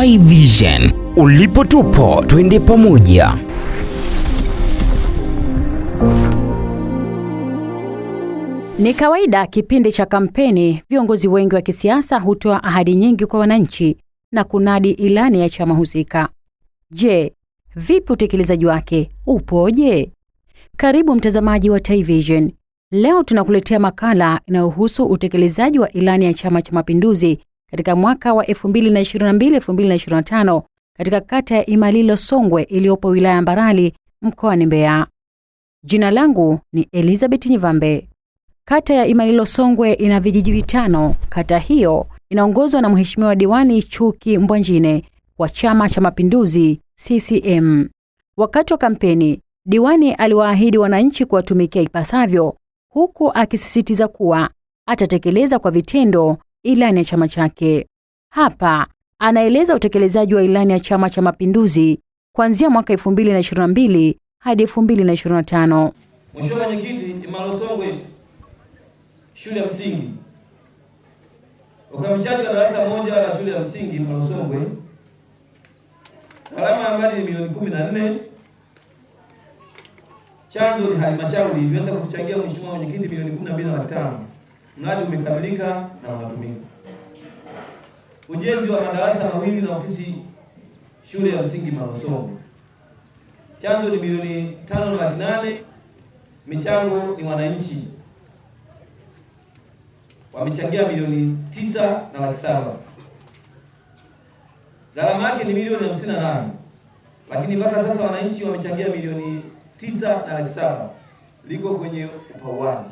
Sky Vision. Ulipo tupo, twende pamoja. Ni kawaida kipindi cha kampeni, viongozi wengi wa kisiasa hutoa ahadi nyingi kwa wananchi na kunadi ilani ya chama husika. Je, vipi utekelezaji wake upoje? Karibu mtazamaji wa Tai Vision. Leo tunakuletea makala inayohusu utekelezaji wa ilani ya Chama cha Mapinduzi katika mwaka wa 2022 2025 katika kata ya Imalilo Songwe iliyopo wilaya ya Mbarali mkoani Mbeya. Jina langu ni Elizabeth Nyivambe. Kata ya Imalilo Songwe ina vijiji vitano. Kata hiyo inaongozwa na Mheshimiwa Diwani Chuki Mbwanjine wa Chama cha Mapinduzi CCM. Wakati wa kampeni, diwani aliwaahidi wananchi kuwatumikia ipasavyo, huku akisisitiza kuwa atatekeleza kwa vitendo ilani ya chama chake. Hapa anaeleza utekelezaji wa ilani ya Chama cha Mapinduzi kuanzia mwaka 2022 hadi 2025. Mheshimiwa Mwenyekiti, Imalosongwe shule ya msingi, ukamilishaji wa darasa moja la shule ya msingi Imalo Songwe, gharama ya mali ni milioni 14. Chanzo ni halmashauri iliweza kuchangia Mheshimiwa Mwenyekiti milioni 12 na laki tano mradi umekamilika na watumika. Ujenzi wa madarasa mawili na ofisi shule ya msingi marosomo chanzo ni milioni tano na laki nane, michango ni wananchi wamechangia milioni tisa na laki saba, gharama yake ni milioni hamsini na nane, lakini mpaka sasa wananchi wamechangia milioni tisa na laki saba, liko kwenye upauaji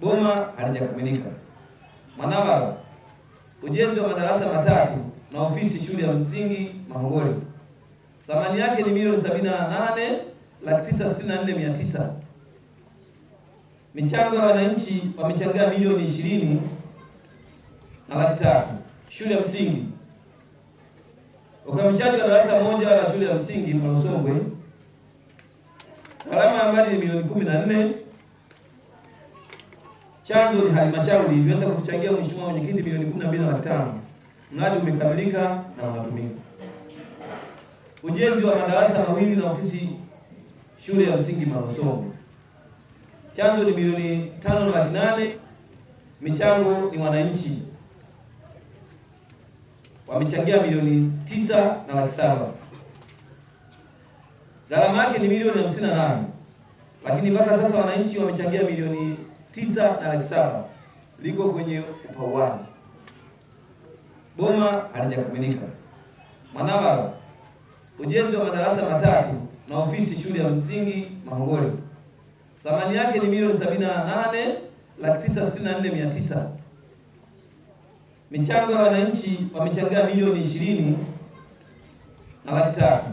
boma halijakamilika. Mwanawara, ujenzi wa madarasa matatu na ofisi shule ya msingi Mahongole, thamani yake ni milioni 78 laki 964,900. Michango ya wananchi wamechangia milioni 20 na laki tatu. Shule ya msingi ukamishaji wa darasa moja la shule ya msingi usongwe gharama ya mradi ni milioni 14 Chanzo ni halmashauri iliweza kutuchangia mheshimiwa mwenyekiti milioni 125 laki tano. Mradi umekamilika na unatumika. Ujenzi wa madarasa mawili na ofisi shule ya msingi Malosongo, chanzo ni milioni tano na laki nane. Michango ni wananchi wamechangia milioni tisa na laki saba. Gharama yake ni milioni hamsini na nane, lakini mpaka sasa wananchi wamechangia milioni tisa na laki saba liko kwenye upauaji, boma halijakamilika. Mwanamara, ujenzi wa madarasa matatu na ofisi shule ya msingi Mahongole, thamani yake ni milioni sabini na nane laki tisa sitini na nne mia tisa. Michango ya wananchi wamechangia milioni ishirini na laki tatu.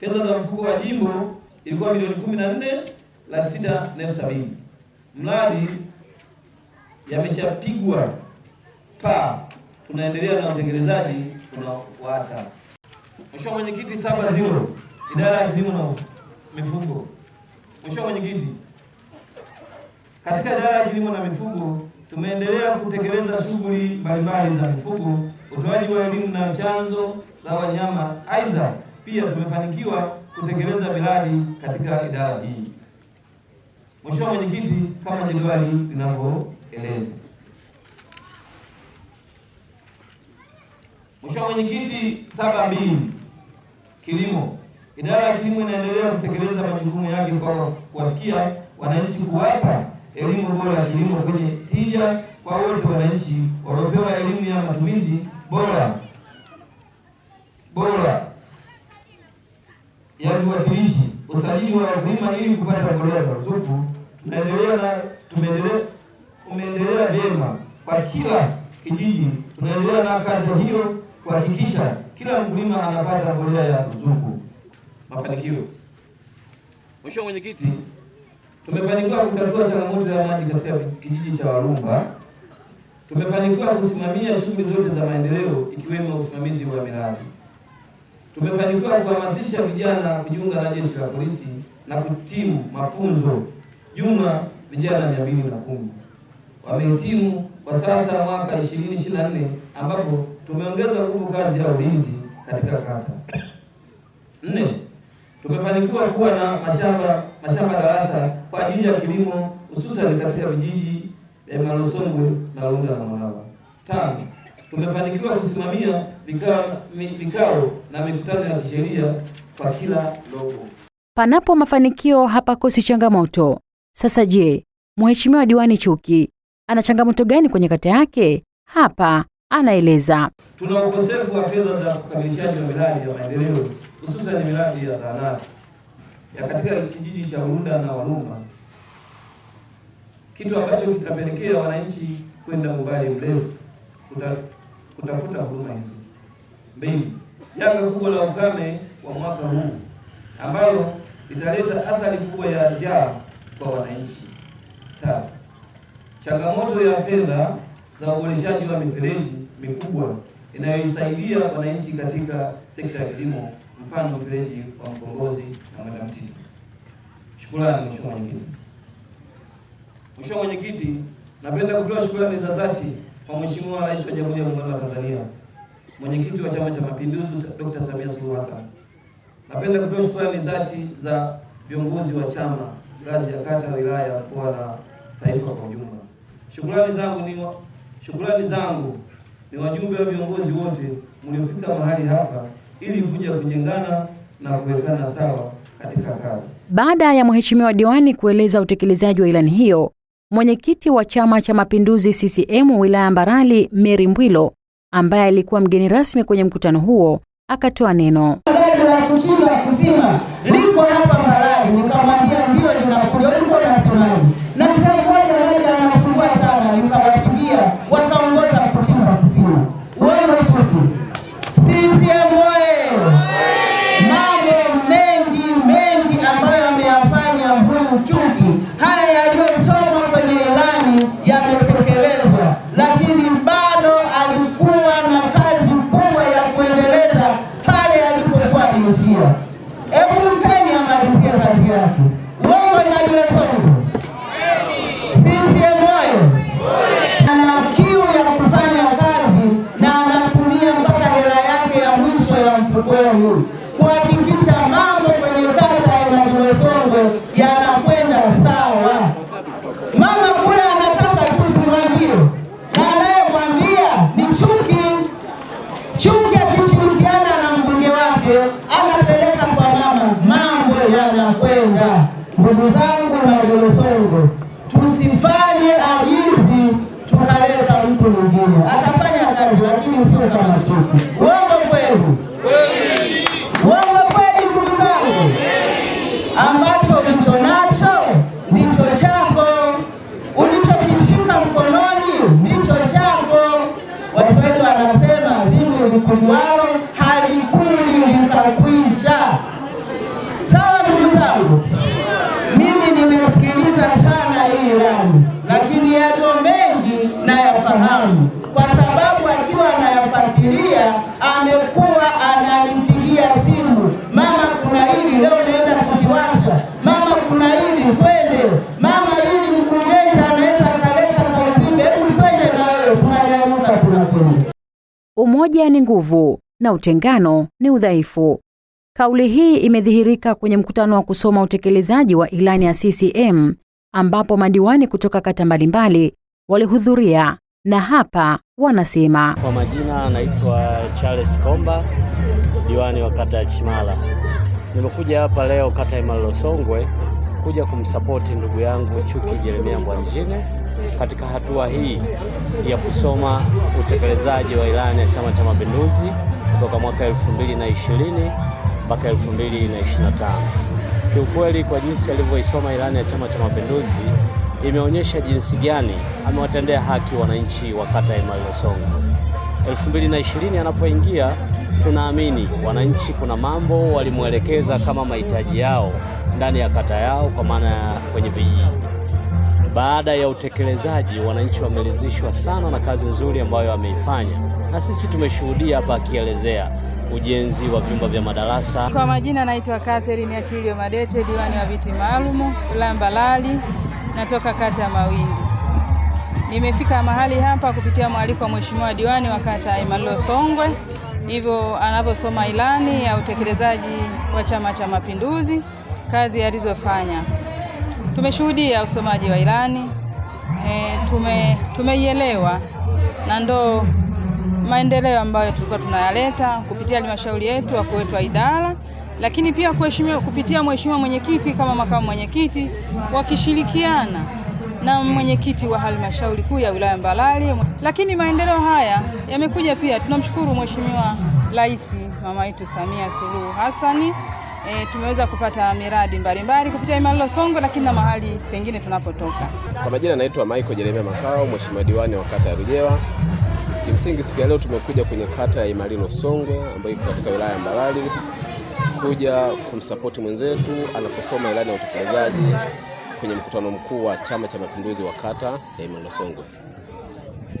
Fedha za mfuko wa jimbo ilikuwa milioni kumi na nne laki sita na elfu sabini mradi yameshapigwa paa, tunaendelea na utekelezaji tunafuata. Mheshimiwa Mwenyekiti, saba zero idara ya kilimo na mifugo. Mheshimiwa Mwenyekiti, katika idara ya kilimo na mifugo tumeendelea kutekeleza shughuli mbalimbali za mifugo, utoaji wa elimu na chanzo za wanyama. Aidha, pia tumefanikiwa kutekeleza miradi katika idara hii. Mheshimiwa Mwenyekiti, kama jedwali linavyoeleza. Mheshimiwa Mwenyekiti, saba mbili kilimo. Idara ya Kilimo inaendelea kutekeleza majukumu yake kwa kuwafikia wananchi, kuwapa elimu bora ya kilimo kwenye tija kwa wote wananchi waliopewa elimu ya matumizi bora bora ya viuatilishi usajili wa vyuma ili kupata za ZUKU tunaendelea na tumeendelea umeendelea vyema kwa kila kijiji. Tunaendelea na kazi hiyo kuhakikisha kila mkulima anapata mbolea ya ruzuku. Mafanikio. Mheshimiwa Mwenyekiti, tumefanikiwa kutatua changamoto ya maji katika kijiji cha Warumba. Tumefanikiwa kusimamia shughuli zote za maendeleo ikiwemo usimamizi wa miradi tumefanikiwa kuhamasisha vijana kujiunga na jeshi la polisi na kutimu mafunzo. Jumla vijana mia mbili na kumi wamehitimu kwa sasa mwaka 2024 ambapo tumeongeza nguvu kazi ya ulinzi katika kata. Nne, tumefanikiwa kuwa na mashamba mashamba darasa kwa ajili ya kilimo hususani katika vijiji vya Malosongwe na Lunda na Mwalawa. Tano, tumefanikiwa kusimamia vikao na mikutano ya kisheria kwa kila logo. Panapo mafanikio hapakosi changamoto. Sasa je, mheshimiwa diwani Chuki ana changamoto gani kwenye kata yake? Hapa anaeleza. Tuna ukosefu wa fedha za kukamilishaji wa miradi ya maendeleo hususan miradi ya zahanati ya katika kijiji cha urunda na Waruma, kitu ambacho kitapelekea wananchi kwenda umbali mrefu kutafuta huduma hizo. Mbili, janga kubwa la ukame wa mwaka huu ambalo italeta athari kubwa ya njaa kwa wananchi. Tatu, changamoto ya fedha za uboreshaji wa mifereji mikubwa inayoisaidia wananchi katika sekta ya kilimo, mfano mfereji wa Mkombozi na Mwenda Mtitu. Shukrani Mheshimiwa Mwenyekiti. Mheshimiwa Mwenyekiti, napenda kutoa shukrani za dhati kwa Mheshimiwa Rais wa Jamhuri ya Muungano wa Tanzania, mwenyekiti wa Chama cha Mapinduzi Dr. Samia Suluhu Hassan. Napenda kutoa shukrani dhati za viongozi wa chama ngazi ya kata, wilaya, mkoa na taifa kwa ujumla. Shukrani zangu ni wa, shukrani zangu ni wajumbe wa viongozi wote mliofika mahali hapa ili kuja kujengana na kuwekana sawa katika kazi. Baada ya mheshimiwa diwani kueleza utekelezaji wa ilani hiyo, Mwenyekiti wa Chama cha Mapinduzi CCM wilaya Mbarali, Mary Mbwilo, ambaye alikuwa mgeni rasmi kwenye mkutano huo, akatoa neno. Kuchimba kisima liko hapa Mbarali, nikamwambia ndio, linakuja, na unasemaje? amalizia. Hebu a mais kazi yake. ¿Verdad? umoja ni nguvu na utengano ni udhaifu. Kauli hii imedhihirika kwenye mkutano wa kusoma utekelezaji wa ilani ya CCM ambapo madiwani kutoka kata mbalimbali walihudhuria na hapa wanasema. Kwa majina anaitwa Charles Komba, diwani wa kata ya Chimala. Nimekuja hapa leo kata ya Malolosongwe kuja kumsapoti ndugu yangu Chuki Jeremia Mbwanjine katika hatua hii ya kusoma utekelezaji wa ilani ya Chama cha Mapinduzi kutoka mwaka 2020 mpaka 2025. Kiukweli, kwa jinsi alivyoisoma ilani ya Chama cha Mapinduzi imeonyesha jinsi gani amewatendea haki wananchi wa kata ya Imalilosongo. 2020 anapoingia, tunaamini wananchi kuna mambo walimwelekeza kama mahitaji yao ndani ya kata yao, kwa maana ya kwenye vijiji baada ya utekelezaji, wananchi wameridhishwa sana na kazi nzuri ambayo ameifanya, na sisi tumeshuhudia hapa akielezea ujenzi wa vyumba vya madarasa. Kwa majina naitwa Catherine Atilio Madete, diwani wa viti maalum Lambalali, natoka kata ya Mawindi. Nimefika mahali hapa kupitia mwaliko wa Mheshimiwa diwani wa kata Imalilo Songwe, hivyo anavyosoma ilani ya utekelezaji wa Chama cha Mapinduzi, kazi alizofanya tumeshuhudia usomaji wa ilani e, tume tumeielewa na ndo maendeleo ambayo tulikuwa tunayaleta kupitia halmashauri yetu, wakuu wetu wa idara, lakini pia kuheshimiwa kupitia mheshimiwa mwenyekiti kama makamu mwenyekiti, wakishirikiana na mwenyekiti wa halmashauri kuu ya wilaya Mbalali. Lakini maendeleo haya yamekuja pia, tunamshukuru mheshimiwa Rais mama yetu Samia Suluhu Hassani e, tumeweza kupata miradi mbalimbali kupitia Imalilo Songwe, lakini na mahali pengine tunapotoka. Kwa majina naitwa Michael Jeremia Makao, mheshimiwa diwani wa kata ya Rujewa. Kimsingi siku ya leo tumekuja kwenye kata ya Imalilo Songwe ambayo iko katika wilaya ya Mbalali kuja kumsapoti mwenzetu anaposoma ilani ya utekelezaji kwenye mkutano mkuu wa Chama cha Mapinduzi wa kata ya Imalilo Songwe.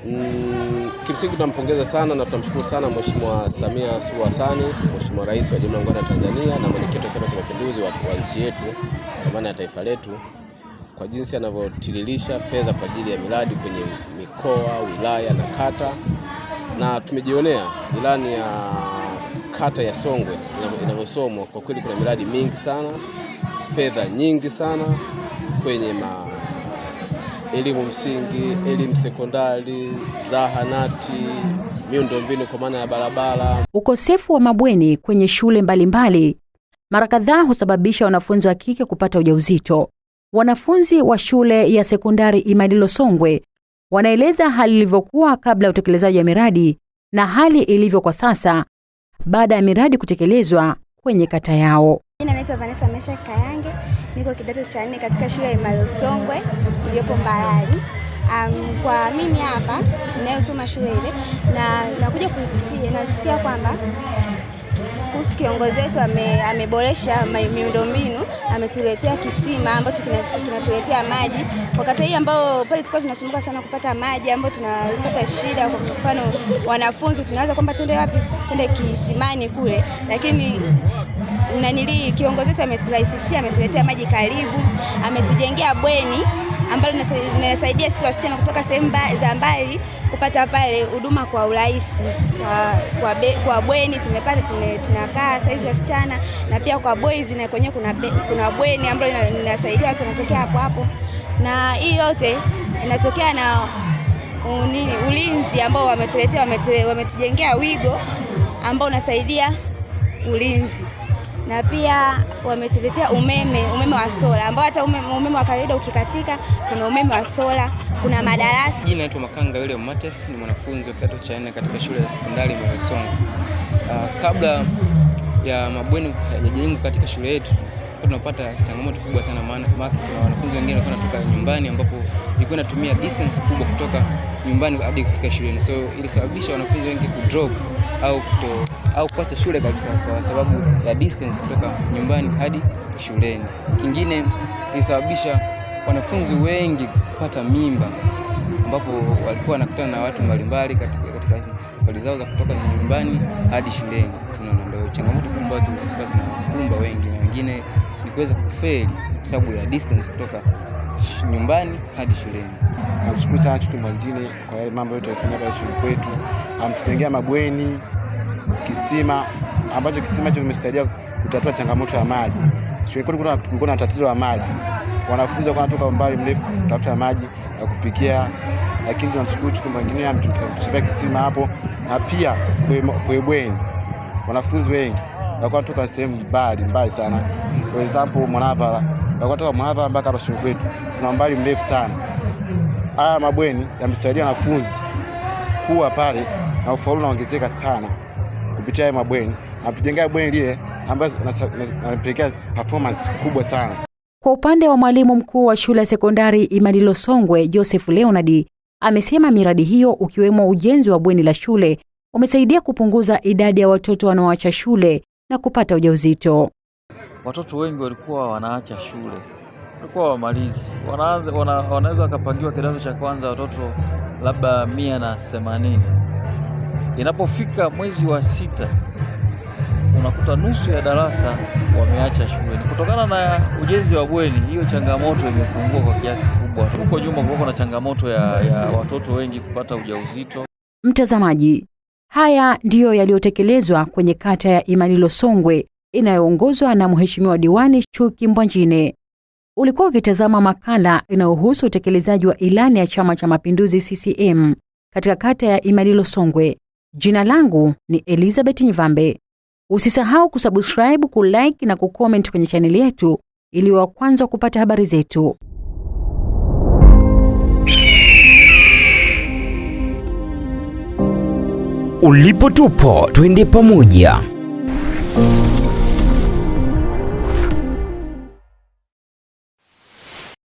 Mm, kimsingi tunampongeza sana na tunamshukuru sana Mheshimiwa Samia Suluhu Hassan, Mheshimiwa Rais wa Jamhuri ya Muungano wa Tanzania na mwenyekiti wa Chama cha Mapinduzi wa nchi yetu, kwa maana ya taifa letu, kwa jinsi anavyotiririsha fedha kwa ajili ya miradi kwenye mikoa, wilaya na kata, na tumejionea ilani ya kata ya Songwe inavyosomwa. Kwa kweli kuna miradi mingi sana, fedha nyingi sana kwenye ma elimu msingi, elimu sekondari, zahanati, miundombinu kwa maana ya barabara. Ukosefu wa mabweni kwenye shule mbalimbali mara kadhaa husababisha wanafunzi wa kike kupata ujauzito. Wanafunzi wa shule ya sekondari Imalilo Songwe wanaeleza hali ilivyokuwa kabla ya utekelezaji wa miradi na hali ilivyo kwa sasa baada ya miradi kutekelezwa kwenye kata yao. Jina naitwa Vanessa Mesha Kayange, niko kidato cha nne katika shule ya Imalo Songwe iliyopo Mbarali. Um, kwa mimi hapa ninayosoma shule ile na nakuja kusifia, nasifia kwamba kuhusu kiongozi wetu ame, ameboresha miundombinu, ametuletea kisima ambacho kinatuletea kina maji wakati hii ambao pale tulikuwa tunasumbuka sana kupata maji, ambayo tunapata shida. Kwa mfano wanafunzi tunawaza kwamba twende wapi, twende kisimani kule, lakini nanili kiongozi wetu ameturahisishia, ametuletea maji karibu, ametujengea bweni ambalo linasaidia sisi wasichana kutoka sehemu za mbali kupata pale huduma kwa urahisi. Kwa, kwa, kwa bweni tumepata tunakaa saizi wasichana, na pia kwa boys na kwenyewe kuna, kuna bweni ambalo linasaidia watu wanatokea hapo hapo, na hii yote inatokea na unini, ulinzi ambao wametuletea wametujengea wigo ambao unasaidia ulinzi na pia wametuletea umeme, umeme wa sola ambao hata umeme, umeme wa kawaida ukikatika kuna umeme wa sola, kuna madarasa. Jina naitwa Makanga yule Mates, ni mwanafunzi wa kidato cha nne katika shule ya sekondari Mwelesongo. Uh, ah, kabla ya mabweni hayajengwa katika shule yetu tunapata changamoto kubwa sana, maana kuna wanafunzi wengine walikuwa wanatoka nyumbani, ambapo ilikuwa inatumia distance kubwa kutoka nyumbani hadi kufika shuleni, so ilisababisha wanafunzi wengi kudrop au kuto au kupata shule kabisa kwa sababu ya distance kutoka nyumbani hadi shuleni. Kingine ilisababisha wanafunzi wengi kupata mimba, ambapo walikuwa wanakutana na watu mbalimbali katika, katika safari zao za kutoka nyumbani hadi shuleni. Tunaona ndio changamoto kubwa zilikuwa kumba wengi, na wengine ni kuweza kufeli kwa sababu ya distance kutoka nyumbani hadi shuleni. Nashukuru sana Chuki Mwanjine kwa yale mambo yote alifanya pale shule kwetu, amtutengea mabweni kisima ambacho kisima hicho kimesaidia kutatua changamoto ya maji. Shule kulikuwa na tatizo la maji, wanafunzi walikuwa wanatoka umbali mrefu kutafuta maji ya kupikia, lakini tunamshukuru Chiku Manginia ametuchimbia kisima hapo, na pia bweni wanafunzi wengi walikuwa wanatoka sehemu mbali mbali sana, kwa example Mwanavara walikuwa wanatoka Mwanavara mpaka hapa shule kwetu, kuna umbali mrefu sana. Haya mabweni yamesaidia wanafunzi kuwa pale na ufaulu unaongezeka sana kupitia mabweni atujengea bweni lile ambayo anapelekea performance kubwa sana. Kwa upande wa mwalimu mkuu wa shule ya sekondari Imalilo Songwe, Joseph Leonard amesema miradi hiyo ukiwemo ujenzi wa bweni la shule umesaidia kupunguza idadi ya watoto wanaoacha shule na kupata ujauzito. Watoto wengi walikuwa wanaacha shule, walikuwa wamalizi, wanaweza wakapangiwa kidato cha kwanza watoto labda mia na themanini Inapofika mwezi wa sita, unakuta nusu ya darasa wameacha shuleni kutokana na ujenzi wa bweni. Hiyo changamoto imepungua kwa kiasi kikubwa. Huko nyuma kulikuwa na changamoto ya, ya watoto wengi kupata ujauzito. Mtazamaji, haya ndiyo yaliyotekelezwa kwenye kata ya Imalilo Songwe inayoongozwa na Mheshimiwa Diwani Chuki Mbwanjine. Ulikuwa ukitazama makala inayohusu utekelezaji wa ilani ya Chama cha Mapinduzi CCM katika kata ya Imalilo Songwe. Jina langu ni Elizabeth Nyivambe. Usisahau kusubscribe, kulike na kucomment kwenye chaneli yetu ili wa kwanza kupata habari zetu. Ulipo tupo, twende pamoja.